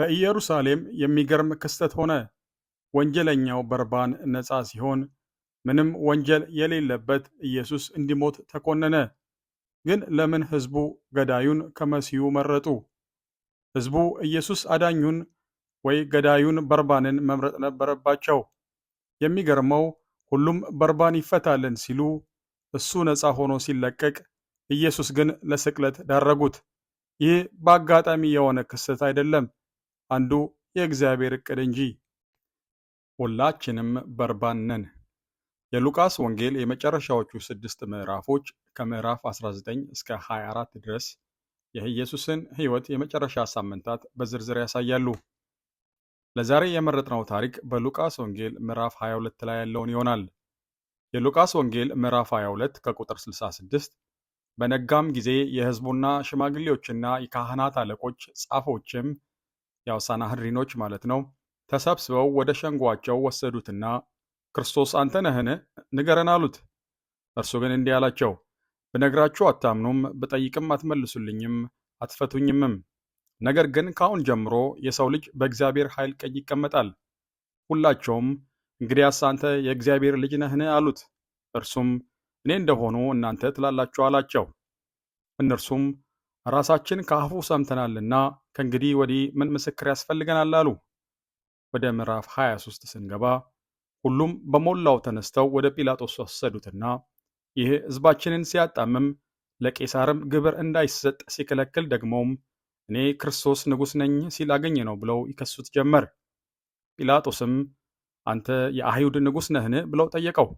በኢየሩሳሌም የሚገርም ክስተት ሆነ። ወንጀለኛው በርባን ነፃ ሲሆን ምንም ወንጀል የሌለበት ኢየሱስ እንዲሞት ተኮነነ። ግን ለምን ሕዝቡ ገዳዩን ከመሲሁ መረጡ? ሕዝቡ ኢየሱስ አዳኙን ወይ ገዳዩን በርባንን መምረጥ ነበረባቸው። የሚገርመው ሁሉም በርባን ይፈታልን ሲሉ እሱ ነፃ ሆኖ ሲለቀቅ ኢየሱስ ግን ለስቅለት ዳረጉት። ይህ በአጋጣሚ የሆነ ክስተት አይደለም። አንዱ የእግዚአብሔር እቅድ እንጂ። ሁላችንም በርባን ነን። የሉቃስ ወንጌል የመጨረሻዎቹ ስድስት ምዕራፎች ከምዕራፍ 19 እስከ 24 ድረስ የኢየሱስን ሕይወት የመጨረሻ ሳምንታት በዝርዝር ያሳያሉ። ለዛሬ የመረጥነው ታሪክ በሉቃስ ወንጌል ምዕራፍ 22 ላይ ያለውን ይሆናል። የሉቃስ ወንጌል ምዕራፍ 22 ከቁጥር 66 በነጋም ጊዜ የሕዝቡና ሽማግሌዎችና የካህናት አለቆች ጻፎችም የአውሳና ህድሪኖች ማለት ነው፣ ተሰብስበው ወደ ሸንጓቸው ወሰዱትና ክርስቶስ አንተ ነህን? ንገረን አሉት። እርሱ ግን እንዲህ አላቸው፣ ብነግራችሁ አታምኑም፣ ብጠይቅም አትመልሱልኝም፣ አትፈቱኝምም። ነገር ግን ከአሁን ጀምሮ የሰው ልጅ በእግዚአብሔር ኃይል ቀኝ ይቀመጣል። ሁላቸውም እንግዲያስ አንተ የእግዚአብሔር ልጅ ነህን? አሉት። እርሱም እኔ እንደሆኑ እናንተ ትላላችሁ አላቸው። እነርሱም ራሳችን ከአፉ ሰምተናልና ከእንግዲህ ወዲህ ምን ምስክር ያስፈልገናል አሉ። ወደ ምዕራፍ 23 ስንገባ ሁሉም በሞላው ተነስተው ወደ ጲላጦስ ወሰዱትና ይህ ሕዝባችንን ሲያጣምም ለቄሳርም ግብር እንዳይሰጥ ሲከለክል ደግሞም እኔ ክርስቶስ ንጉሥ ነኝ ሲል አገኘ ነው ብለው ይከሱት ጀመር። ጲላጦስም አንተ የአይሁድ ንጉሥ ነህን? ብለው ጠየቀው።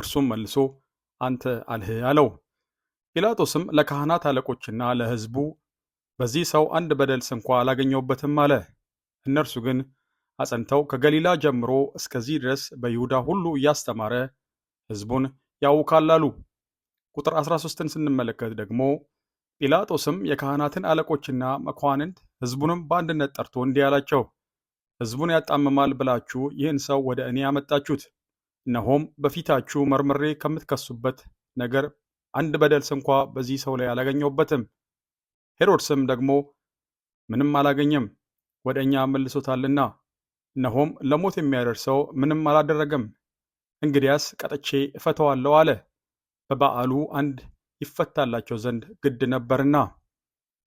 እርሱም መልሶ አንተ አልህ አለው። ጲላጦስም ለካህናት አለቆችና ለሕዝቡ በዚህ ሰው አንድ በደል ስንኳ አላገኘውበትም አለ። እነርሱ ግን አጸንተው ከገሊላ ጀምሮ እስከዚህ ድረስ በይሁዳ ሁሉ እያስተማረ ሕዝቡን ያውካል አሉ። ቁጥር 13ን ስንመለከት ደግሞ ጲላጦስም የካህናትን አለቆችና መኳንንት ሕዝቡንም በአንድነት ጠርቶ እንዲህ አላቸው፣ ሕዝቡን ያጣምማል ብላችሁ ይህን ሰው ወደ እኔ ያመጣችሁት፣ እነሆም በፊታችሁ መርምሬ ከምትከሱበት ነገር አንድ በደል ስንኳ በዚህ ሰው ላይ አላገኘውበትም። ሄሮድስም ደግሞ ምንም አላገኘም፣ ወደ እኛ መልሶታልና፣ እነሆም ለሞት የሚያደርሰው ምንም አላደረገም። እንግዲያስ ቀጥቼ እፈተዋለሁ አለ። በበዓሉ አንድ ይፈታላቸው ዘንድ ግድ ነበርና፣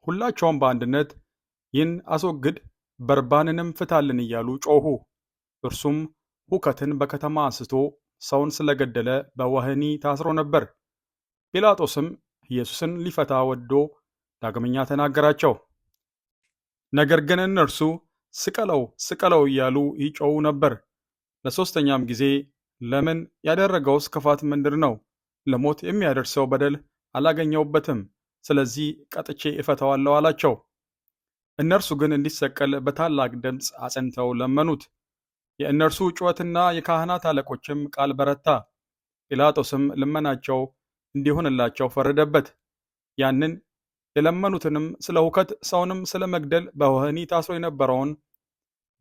ሁላቸውም በአንድነት ይህን አስወግድ፣ በርባንንም ፍታልን እያሉ ጮኹ። እርሱም ሁከትን በከተማ አንስቶ ሰውን ስለገደለ በወህኒ ታስሮ ነበር። ጲላጦስም ኢየሱስን ሊፈታ ወዶ ዳግመኛ ተናገራቸው። ነገር ግን እነርሱ ስቀለው ስቀለው እያሉ ይጮው ነበር። ለሦስተኛም ጊዜ ለምን ያደረገውስ ክፋት ምንድር ነው? ለሞት የሚያደርሰው በደል አላገኘውበትም፣ ስለዚህ ቀጥቼ እፈተዋለሁ አላቸው። እነርሱ ግን እንዲሰቀል በታላቅ ድምፅ አጽንተው ለመኑት። የእነርሱ ጩኸትና የካህናት አለቆችም ቃል በረታ። ጲላጦስም ልመናቸው እንዲሆንላቸው ፈረደበት። ያንን የለመኑትንም ስለ ሁከት ሰውንም ስለ መግደል በወህኒ ታስሮ የነበረውን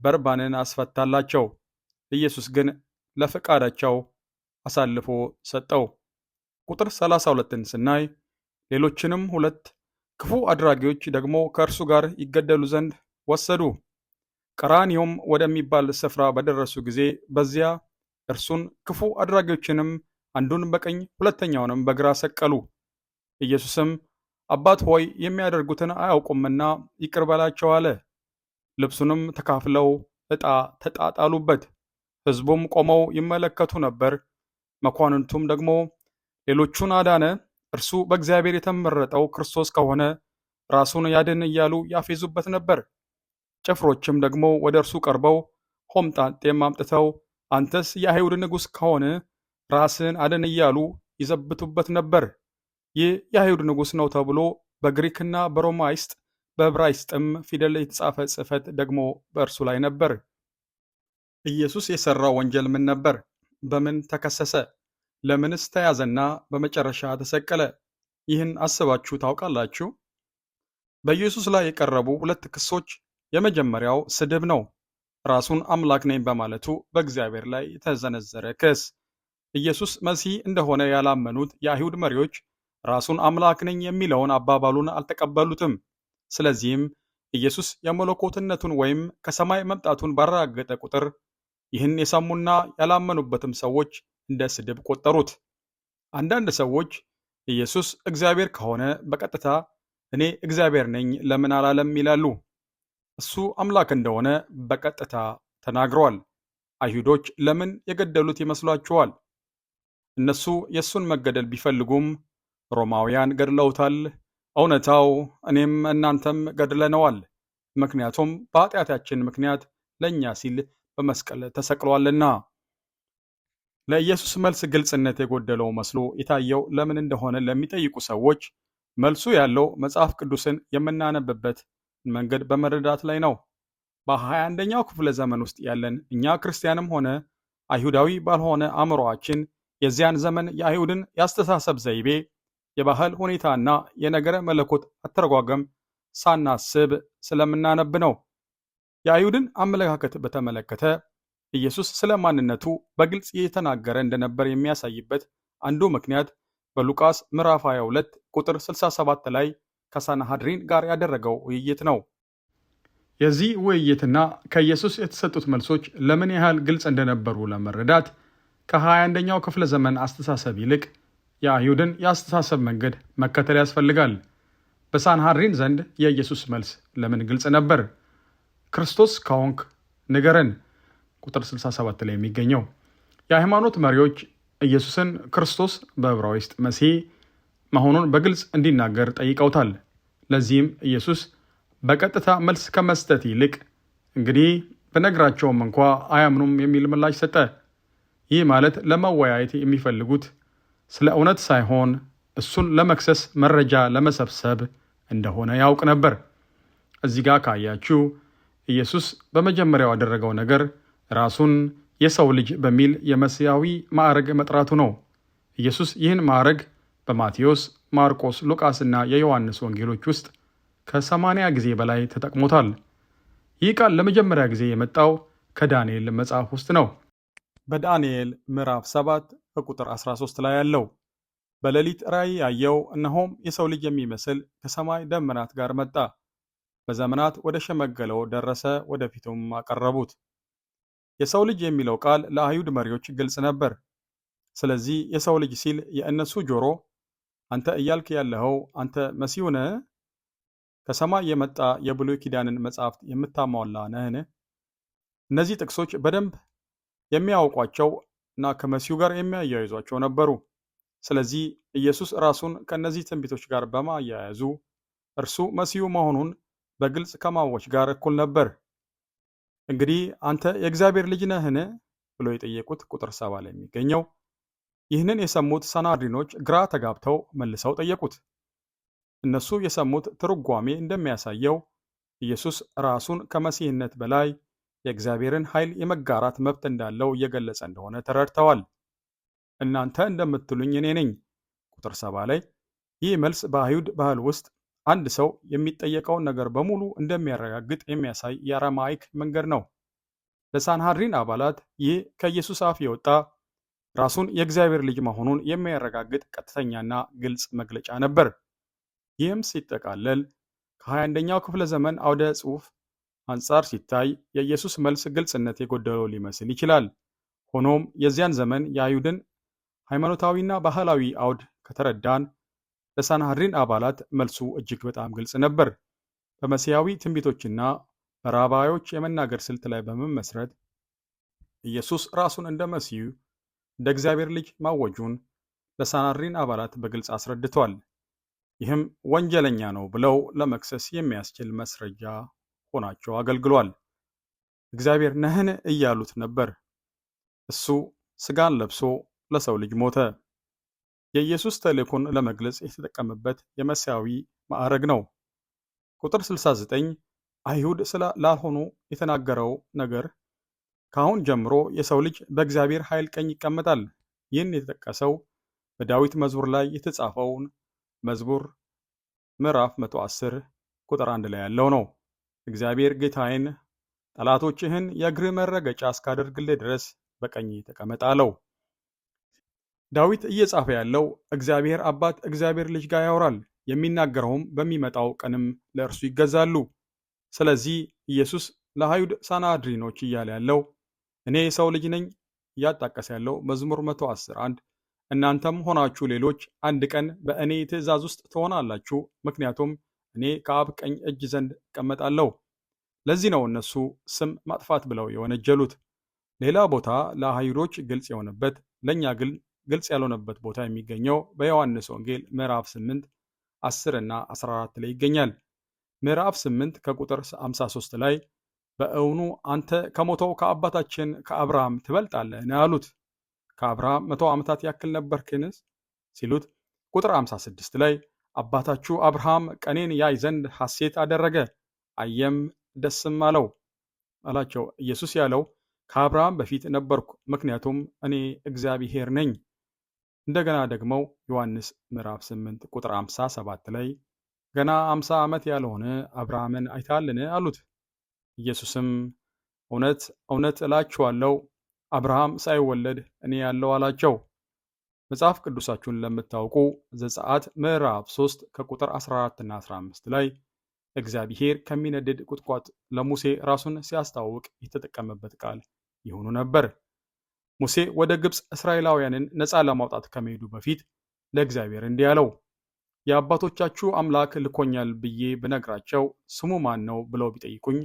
በርባንን አስፈታላቸው። ኢየሱስ ግን ለፈቃዳቸው አሳልፎ ሰጠው። ቁጥር 32ን ስናይ ሌሎችንም ሁለት ክፉ አድራጊዎች ደግሞ ከእርሱ ጋር ይገደሉ ዘንድ ወሰዱ። ቀራኒዮም ወደሚባል ስፍራ በደረሱ ጊዜ በዚያ እርሱን ክፉ አድራጊዎችንም አንዱን በቀኝ ሁለተኛውንም በግራ ሰቀሉ። ኢየሱስም አባት ሆይ የሚያደርጉትን አያውቁምና ይቅር በላቸው አለ። ልብሱንም ተካፍለው ዕጣ ተጣጣሉበት። ሕዝቡም ቆመው ይመለከቱ ነበር። መኳንንቱም ደግሞ ሌሎቹን አዳነ፣ እርሱ በእግዚአብሔር የተመረጠው ክርስቶስ ከሆነ ራሱን ያድን እያሉ ያፌዙበት ነበር። ጭፍሮችም ደግሞ ወደ እርሱ ቀርበው ሆምጣጤም አምጥተው አንተስ የአይሁድ ንጉሥ ከሆነ ራስን አድን እያሉ ይዘብቱበት ነበር። ይህ የአይሁድ ንጉሥ ነው ተብሎ በግሪክና በሮማይስጥ በዕብራይስጥም ፊደል የተጻፈ ጽሕፈት ደግሞ በእርሱ ላይ ነበር። ኢየሱስ የሠራው ወንጀል ምን ነበር? በምን ተከሰሰ? ለምንስ ተያዘና በመጨረሻ ተሰቀለ? ይህን አስባችሁ ታውቃላችሁ? በኢየሱስ ላይ የቀረቡ ሁለት ክሶች፣ የመጀመሪያው ስድብ ነው። ራሱን አምላክ ነኝ በማለቱ በእግዚአብሔር ላይ የተዘነዘረ ክስ። ኢየሱስ መሲህ እንደሆነ ያላመኑት የአይሁድ መሪዎች ራሱን አምላክ ነኝ የሚለውን አባባሉን አልተቀበሉትም። ስለዚህም ኢየሱስ የመለኮትነቱን ወይም ከሰማይ መምጣቱን ባረጋገጠ ቁጥር ይህን የሰሙና ያላመኑበትም ሰዎች እንደ ስድብ ቆጠሩት። አንዳንድ ሰዎች ኢየሱስ እግዚአብሔር ከሆነ በቀጥታ እኔ እግዚአብሔር ነኝ ለምን አላለም ይላሉ። እሱ አምላክ እንደሆነ በቀጥታ ተናግረዋል። አይሁዶች ለምን የገደሉት ይመስሏችኋል? እነሱ የእሱን መገደል ቢፈልጉም ሮማውያን ገድለውታል፣ እውነታው እኔም እናንተም ገድለነዋል፣ ምክንያቱም በኃጢአታችን ምክንያት ለእኛ ሲል በመስቀል ተሰቅሏልና። ለኢየሱስ መልስ ግልጽነት የጎደለው መስሎ የታየው ለምን እንደሆነ ለሚጠይቁ ሰዎች መልሱ ያለው መጽሐፍ ቅዱስን የምናነብበት መንገድ በመረዳት ላይ ነው። በ 21 አንደኛው ክፍለ ዘመን ውስጥ ያለን እኛ ክርስቲያንም ሆነ አይሁዳዊ ባልሆነ አእምሮአችን የዚያን ዘመን የአይሁድን የአስተሳሰብ ዘይቤ የባህል ሁኔታና የነገረ መለኮት አተረጓገም ሳናስብ ስለምናነብ ነው። የአይሁድን አመለካከት በተመለከተ ኢየሱስ ስለ ማንነቱ በግልጽ እየተናገረ እንደነበር የሚያሳይበት አንዱ ምክንያት በሉቃስ ምዕራፍ 22 ቁጥር 67 ላይ ከሳናሃድሪን ጋር ያደረገው ውይይት ነው። የዚህ ውይይትና ከኢየሱስ የተሰጡት መልሶች ለምን ያህል ግልጽ እንደነበሩ ለመረዳት ከ21ኛው ክፍለ ዘመን አስተሳሰብ ይልቅ የአይሁድን የአስተሳሰብ መንገድ መከተል ያስፈልጋል። በሳንሃሪን ዘንድ የኢየሱስ መልስ ለምን ግልጽ ነበር? ክርስቶስ ከሆንክ ንገረን፣ ቁጥር 67 ላይ የሚገኘው የሃይማኖት መሪዎች ኢየሱስን ክርስቶስ በዕብራይስጥ መሲህ መሆኑን በግልጽ እንዲናገር ጠይቀውታል። ለዚህም ኢየሱስ በቀጥታ መልስ ከመስጠት ይልቅ እንግዲህ ብነግራቸውም እንኳ አያምኑም የሚል ምላሽ ሰጠ። ይህ ማለት ለመወያየት የሚፈልጉት ስለ እውነት ሳይሆን እሱን ለመክሰስ መረጃ ለመሰብሰብ እንደሆነ ያውቅ ነበር። እዚህ ጋር ካያችሁ ኢየሱስ በመጀመሪያው ያደረገው ነገር ራሱን የሰው ልጅ በሚል የመሲያዊ ማዕረግ መጥራቱ ነው። ኢየሱስ ይህን ማዕረግ በማቴዎስ፣ ማርቆስ፣ ሉቃስና የዮሐንስ ወንጌሎች ውስጥ ከሰማንያ ጊዜ በላይ ተጠቅሞታል። ይህ ቃል ለመጀመሪያ ጊዜ የመጣው ከዳንኤል መጽሐፍ ውስጥ ነው። በዳንኤል ምዕራፍ 7 ቁጥር 13 ላይ ያለው በሌሊት ራእይ ያየው፣ እነሆም የሰው ልጅ የሚመስል ከሰማይ ደመናት ጋር መጣ፣ በዘመናት ወደ ሸመገለው ደረሰ፣ ወደፊቱም አቀረቡት። የሰው ልጅ የሚለው ቃል ለአይሁድ መሪዎች ግልጽ ነበር። ስለዚህ የሰው ልጅ ሲል የእነሱ ጆሮ አንተ እያልክ ያለኸው አንተ መሲሁ ነህ? ከሰማይ የመጣ የብሉይ ኪዳንን መጻሕፍት የምታሟላ ነህን? እነዚህ ጥቅሶች በደንብ የሚያውቋቸው እና ከመሲሁ ጋር የሚያያይዟቸው ነበሩ። ስለዚህ ኢየሱስ ራሱን ከእነዚህ ትንቢቶች ጋር በማያያዙ እርሱ መሲሁ መሆኑን በግልጽ ከማወች ጋር እኩል ነበር። እንግዲህ አንተ የእግዚአብሔር ልጅ ነህን? ብሎ የጠየቁት ቁጥር ሰባ ላይ የሚገኘው ይህንን የሰሙት ሰናድሪኖች ግራ ተጋብተው መልሰው ጠየቁት። እነሱ የሰሙት ትርጓሜ እንደሚያሳየው ኢየሱስ ራሱን ከመሲህነት በላይ የእግዚአብሔርን ኃይል የመጋራት መብት እንዳለው እየገለጸ እንደሆነ ተረድተዋል። እናንተ እንደምትሉኝ እኔ ነኝ። ቁጥር ሰባ ላይ ይህ መልስ በአይሁድ ባህል ውስጥ አንድ ሰው የሚጠየቀውን ነገር በሙሉ እንደሚያረጋግጥ የሚያሳይ የአረማይክ መንገድ ነው። ለሳንሃድሪን አባላት ይህ ከኢየሱስ አፍ የወጣ ራሱን የእግዚአብሔር ልጅ መሆኑን የሚያረጋግጥ ቀጥተኛና ግልጽ መግለጫ ነበር። ይህም ሲጠቃለል ከ21ኛው ክፍለ ዘመን አውደ ጽሑፍ አንጻር ሲታይ የኢየሱስ መልስ ግልጽነት የጎደለው ሊመስል ይችላል። ሆኖም የዚያን ዘመን የአይሁድን ሃይማኖታዊና ባህላዊ አውድ ከተረዳን ለሳንሃድሪን አባላት መልሱ እጅግ በጣም ግልጽ ነበር። በመሲያዊ ትንቢቶችና በራባዮች የመናገር ስልት ላይ በመመስረት ኢየሱስ ራሱን እንደ መሲሁ እንደ እግዚአብሔር ልጅ ማወጁን ለሳናሪን አባላት በግልጽ አስረድቷል። ይህም ወንጀለኛ ነው ብለው ለመክሰስ የሚያስችል መስረጃ። ሆናቸው አገልግሏል። እግዚአብሔር ነህን እያሉት ነበር። እሱ ስጋን ለብሶ ለሰው ልጅ ሞተ። የኢየሱስ ተልእኮን ለመግለጽ የተጠቀመበት የመሲያዊ ማዕረግ ነው። ቁጥር 69 አይሁድ ስለ ላልሆኑ የተናገረው ነገር ከአሁን ጀምሮ የሰው ልጅ በእግዚአብሔር ኃይል ቀኝ ይቀመጣል። ይህን የተጠቀሰው በዳዊት መዝሙር ላይ የተጻፈውን መዝሙር ምዕራፍ 110 ቁጥር 1 ላይ ያለው ነው። እግዚአብሔር ጌታዬን ጠላቶችህን የእግር መረገጫ እስካደርግልህ ድረስ በቀኝ ተቀመጣለው። ዳዊት እየጻፈ ያለው እግዚአብሔር አባት እግዚአብሔር ልጅ ጋር ያወራል። የሚናገረውም በሚመጣው ቀንም ለእርሱ ይገዛሉ። ስለዚህ ኢየሱስ ለአይሁድ ሳናድሪኖች እያለ ያለው እኔ የሰው ልጅ ነኝ እያጣቀሰ ያለው መዝሙር 111 እናንተም ሆናችሁ ሌሎች አንድ ቀን በእኔ ትእዛዝ ውስጥ ትሆናላችሁ፣ ምክንያቱም እኔ ከአብ ቀኝ እጅ ዘንድ እቀመጣለሁ። ለዚህ ነው እነሱ ስም ማጥፋት ብለው የወነጀሉት። ሌላ ቦታ ለአይሁዶች ግልጽ የሆነበት ለእኛ ግን ግልጽ ያልሆነበት ቦታ የሚገኘው በዮሐንስ ወንጌል ምዕራፍ 8 10 እና 14 ላይ ይገኛል። ምዕራፍ 8 ከቁጥር 53 ላይ በእውኑ አንተ ከሞተው ከአባታችን ከአብርሃም ትበልጣለህን? አሉት። ከአብርሃም መቶ ዓመታት ያክል ነበርክንስ? ሲሉት ቁጥር 56 ላይ አባታችሁ አብርሃም ቀኔን ያይ ዘንድ ሐሴት አደረገ፣ አየም ደስም አለው አላቸው። ኢየሱስ ያለው ከአብርሃም በፊት ነበርኩ፣ ምክንያቱም እኔ እግዚአብሔር ነኝ። እንደገና ደግሞ ዮሐንስ ምዕራፍ 8 ቁጥር 57 ላይ ገና 50 ዓመት ያልሆነ አብርሃምን አይታልን አሉት። ኢየሱስም እውነት እውነት እላችኋለሁ አብርሃም ሳይወለድ እኔ ያለው አላቸው። መጽሐፍ ቅዱሳችሁን ለምታውቁ ዘጸአት ምዕራፍ 3 ከቁጥር 14 እና 15 ላይ እግዚአብሔር ከሚነድድ ቁጥቋጥ ለሙሴ ራሱን ሲያስታውቅ የተጠቀመበት ቃል ይሆኑ ነበር። ሙሴ ወደ ግብፅ እስራኤላውያንን ነፃ ለማውጣት ከመሄዱ በፊት ለእግዚአብሔር እንዲህ አለው፣ የአባቶቻችሁ አምላክ ልኮኛል ብዬ ብነግራቸው ስሙ ማን ነው ብለው ቢጠይቁኝ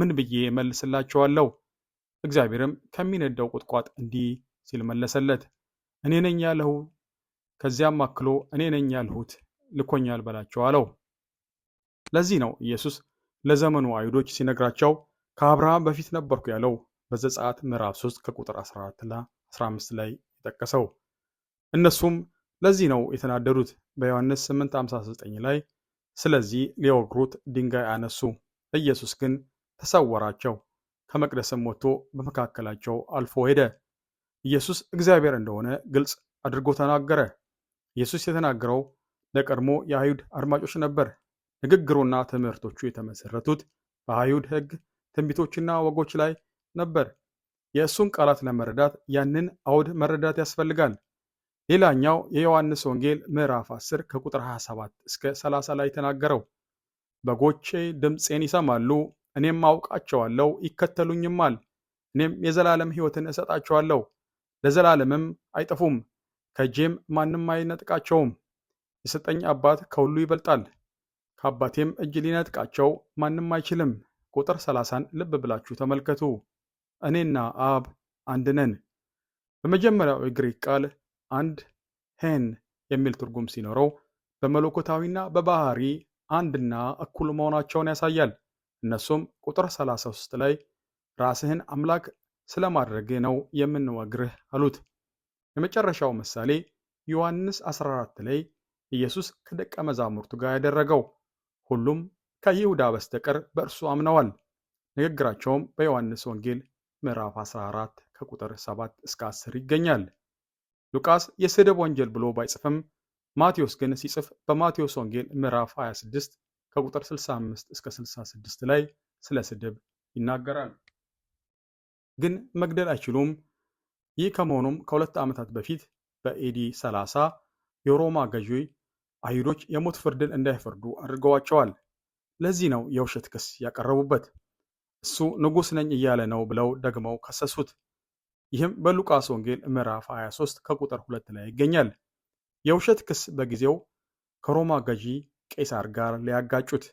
ምን ብዬ መልስላቸዋለሁ? እግዚአብሔርም ከሚነደው ቁጥቋጥ እንዲህ ሲል መለሰለት፣ እኔ ነኝ ያልሁ ከዚያም አክሎ እኔ ነኝ ያልሁት ልኮኛል በላቸው አለው። ለዚህ ነው ኢየሱስ ለዘመኑ አይሁዶች ሲነግራቸው ከአብርሃም በፊት ነበርኩ ያለው በዘጸአት ምዕራፍ 3 ከቁጥር 14 ላ 15 ላይ የጠቀሰው። እነሱም ለዚህ ነው የተናደዱት። በዮሐንስ 8:59 ላይ ስለዚህ ሊወግሩት ድንጋይ አነሱ። ኢየሱስ ግን ተሰወራቸው፣ ከመቅደስም ወጥቶ በመካከላቸው አልፎ ሄደ። ኢየሱስ እግዚአብሔር እንደሆነ ግልጽ አድርጎ ተናገረ። ኢየሱስ የተናገረው ለቀድሞ የአይሁድ አድማጮች ነበር። ንግግሩና ትምህርቶቹ የተመሰረቱት በአይሁድ ሕግ፣ ትንቢቶችና ወጎች ላይ ነበር። የእሱን ቃላት ለመረዳት ያንን አውድ መረዳት ያስፈልጋል። ሌላኛው የዮሐንስ ወንጌል ምዕራፍ 10 ከቁጥር 27 እስከ 30 ላይ ተናገረው፣ በጎቼ ድምፄን ይሰማሉ፣ እኔም አውቃቸዋለሁ፣ ይከተሉኝማል፣ እኔም የዘላለም ሕይወትን እሰጣቸዋለሁ፣ ለዘላለምም አይጠፉም፣ ከእጄም ማንም አይነጥቃቸውም። የሰጠኝ አባት ከሁሉ ይበልጣል፣ ከአባቴም እጅ ሊነጥቃቸው ማንም አይችልም። ቁጥር ሰላሳን ልብ ብላችሁ ተመልከቱ። እኔና አብ አንድ ነን። በመጀመሪያው የግሪክ ቃል አንድ ሄን የሚል ትርጉም ሲኖረው በመለኮታዊና በባህሪ አንድና እኩል መሆናቸውን ያሳያል። እነሱም ቁጥር 33 ላይ ራስህን አምላክ ስለማድረግህ ነው የምንወግርህ አሉት። የመጨረሻው ምሳሌ ዮሐንስ 14 ላይ ኢየሱስ ከደቀ መዛሙርቱ ጋር ያደረገው ሁሉም ከይሁዳ በስተቀር በእርሱ አምነዋል። ንግግራቸውም በዮሐንስ ወንጌል ምዕራፍ 14 ከቁጥር 7 እስከ 10 ይገኛል። ሉቃስ የስድብ ወንጀል ብሎ ባይጽፍም ማቴዎስ ግን ሲጽፍ በማቴዎስ ወንጌል ምዕራፍ 26 ከቁጥር 65 እስከ 66 ላይ ስለ ስድብ ይናገራል። ግን መግደል አይችሉም። ይህ ከመሆኑም ከሁለት ዓመታት በፊት በኤዲ 30 የሮማ ገዢ አይሁዶች የሞት ፍርድን እንዳይፈርዱ አድርገዋቸዋል። ለዚህ ነው የውሸት ክስ ያቀረቡበት። እሱ ንጉሥ ነኝ እያለ ነው ብለው ደግመው ከሰሱት። ይህም በሉቃስ ወንጌል ምዕራፍ 23 ከቁጥር 2 ላይ ይገኛል። የውሸት ክስ በጊዜው ከሮማ ገዢ ቄሳር ጋር ሊያጋጩት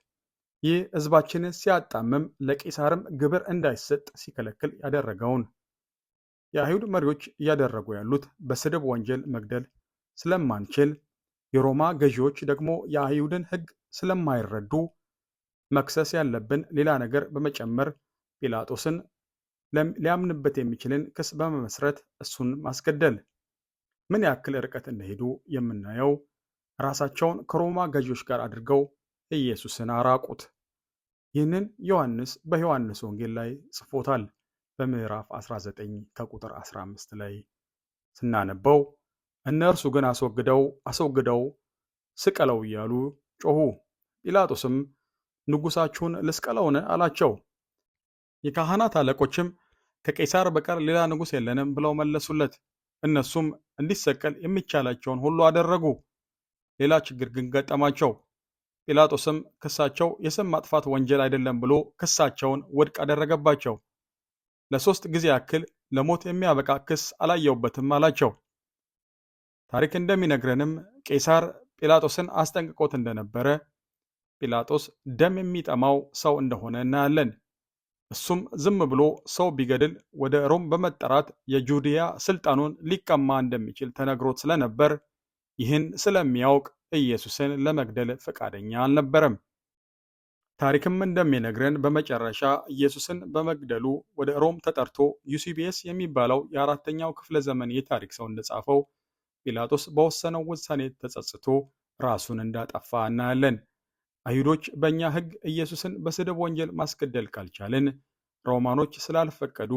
ይህ ህዝባችንን ሲያጣምም ለቄሳርም ግብር እንዳይሰጥ ሲከለክል ያደረገውን የአይሁድ መሪዎች እያደረጉ ያሉት በስድብ ወንጀል መግደል ስለማንችል የሮማ ገዢዎች ደግሞ የአይሁድን ህግ ስለማይረዱ መክሰስ ያለብን ሌላ ነገር በመጨመር ጲላጦስን ሊያምንበት የሚችልን ክስ በመመስረት እሱን ማስገደል። ምን ያክል ርቀት እንደሄዱ የምናየው ራሳቸውን ከሮማ ገዢዎች ጋር አድርገው ኢየሱስን አራቁት። ይህንን ዮሐንስ በዮሐንስ ወንጌል ላይ ጽፎታል። በምዕራፍ 19 ከቁጥር 15 ላይ ስናነበው እነርሱ ግን አስወግደው አስወግደው ስቀለው እያሉ ጮኹ። ጲላጦስም ንጉሳችሁን ልስቀለውን አላቸው። የካህናት አለቆችም ከቄሳር በቀር ሌላ ንጉሥ የለንም ብለው መለሱለት። እነሱም እንዲሰቀል የሚቻላቸውን ሁሉ አደረጉ። ሌላ ችግር ግን ገጠማቸው። ጲላጦስም ክሳቸው የስም ማጥፋት ወንጀል አይደለም ብሎ ክሳቸውን ውድቅ አደረገባቸው። ለሶስት ጊዜ ያክል ለሞት የሚያበቃ ክስ አላየውበትም አላቸው። ታሪክ እንደሚነግረንም ቄሳር ጲላጦስን አስጠንቅቆት እንደነበረ ጲላጦስ ደም የሚጠማው ሰው እንደሆነ እናያለን። እሱም ዝም ብሎ ሰው ቢገድል ወደ ሮም በመጠራት የጁዲያ ስልጣኑን ሊቀማ እንደሚችል ተነግሮት ስለነበር ይህን ስለሚያውቅ ኢየሱስን ለመግደል ፈቃደኛ አልነበረም። ታሪክም እንደሚነግረን በመጨረሻ ኢየሱስን በመግደሉ ወደ ሮም ተጠርቶ ዩሲቢኤስ የሚባለው የአራተኛው ክፍለ ዘመን የታሪክ ሰው እንደጻፈው ጲላጦስ በወሰነው ውሳኔ ተጸጽቶ ራሱን እንዳጠፋ እናያለን። አይሁዶች በእኛ ሕግ ኢየሱስን በስድብ ወንጀል ማስገደል ካልቻልን፣ ሮማኖች ስላልፈቀዱ፣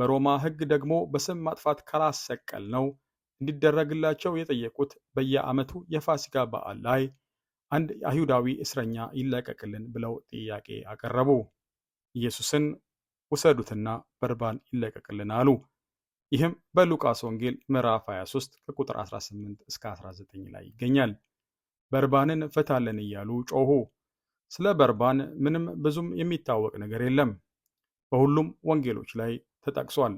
በሮማ ሕግ ደግሞ በስም ማጥፋት ካላሰቀል ነው እንዲደረግላቸው የጠየቁት በየዓመቱ የፋሲካ በዓል ላይ አንድ አይሁዳዊ እስረኛ ይለቀቅልን ብለው ጥያቄ አቀረቡ። ኢየሱስን ውሰዱትና በርባን ይለቀቅልን አሉ። ይህም በሉቃስ ወንጌል ምዕራፍ 23 ከቁጥር 18 እስከ 19 ላይ ይገኛል። በርባንን ፈታለን እያሉ ጮሁ። ስለ በርባን ምንም ብዙም የሚታወቅ ነገር የለም። በሁሉም ወንጌሎች ላይ ተጠቅሷል።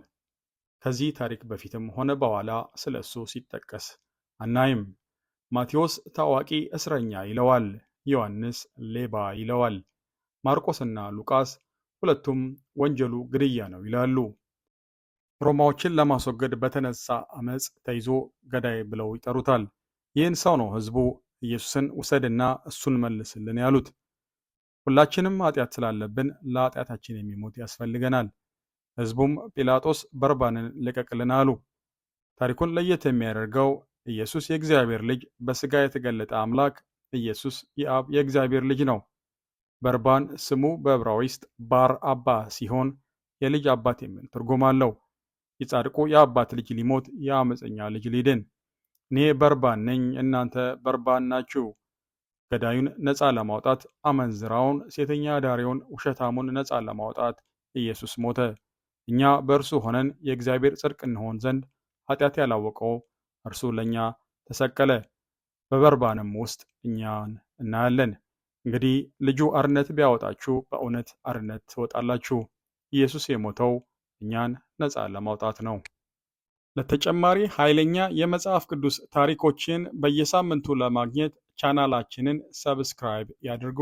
ከዚህ ታሪክ በፊትም ሆነ በኋላ ስለ እሱ ሲጠቀስ አናይም። ማቴዎስ ታዋቂ እስረኛ ይለዋል፣ ዮሐንስ ሌባ ይለዋል። ማርቆስና ሉቃስ ሁለቱም ወንጀሉ ግድያ ነው ይላሉ። ሮማዎችን ለማስወገድ በተነሳ አመፅ ተይዞ ገዳይ ብለው ይጠሩታል። ይህን ሰው ነው ሕዝቡ ኢየሱስን ውሰድና እሱን መልስልን ያሉት። ሁላችንም ኃጢአት ስላለብን ለኃጢአታችን የሚሞት ያስፈልገናል። ሕዝቡም ጲላጦስ በርባንን ልቀቅልን አሉ። ታሪኩን ለየት የሚያደርገው ኢየሱስ የእግዚአብሔር ልጅ በሥጋ የተገለጠ አምላክ ኢየሱስ የአብ የእግዚአብሔር ልጅ ነው። በርባን ስሙ በዕብራይስጥ ባር አባ ሲሆን የልጅ አባት የሚል ትርጉም አለው። የጻድቁ የአባት ልጅ ሊሞት፣ የአመፀኛ ልጅ ሊድን። እኔ በርባን ነኝ፣ እናንተ በርባን ናችሁ። ገዳዩን ነፃ ለማውጣት፣ አመንዝራውን፣ ሴተኛ ዳሬውን ውሸታሙን ነፃ ለማውጣት ኢየሱስ ሞተ። እኛ በእርሱ ሆነን የእግዚአብሔር ጽድቅ እንሆን ዘንድ ኃጢአት ያላወቀው እርሱ ለእኛ ተሰቀለ። በበርባንም ውስጥ እኛን እናያለን። እንግዲህ ልጁ አርነት ቢያወጣችሁ በእውነት አርነት ትወጣላችሁ። ኢየሱስ የሞተው እኛን ነፃ ለማውጣት ነው። ለተጨማሪ ኃይለኛ የመጽሐፍ ቅዱስ ታሪኮችን በየሳምንቱ ለማግኘት ቻናላችንን ሰብስክራይብ ያድርጉ።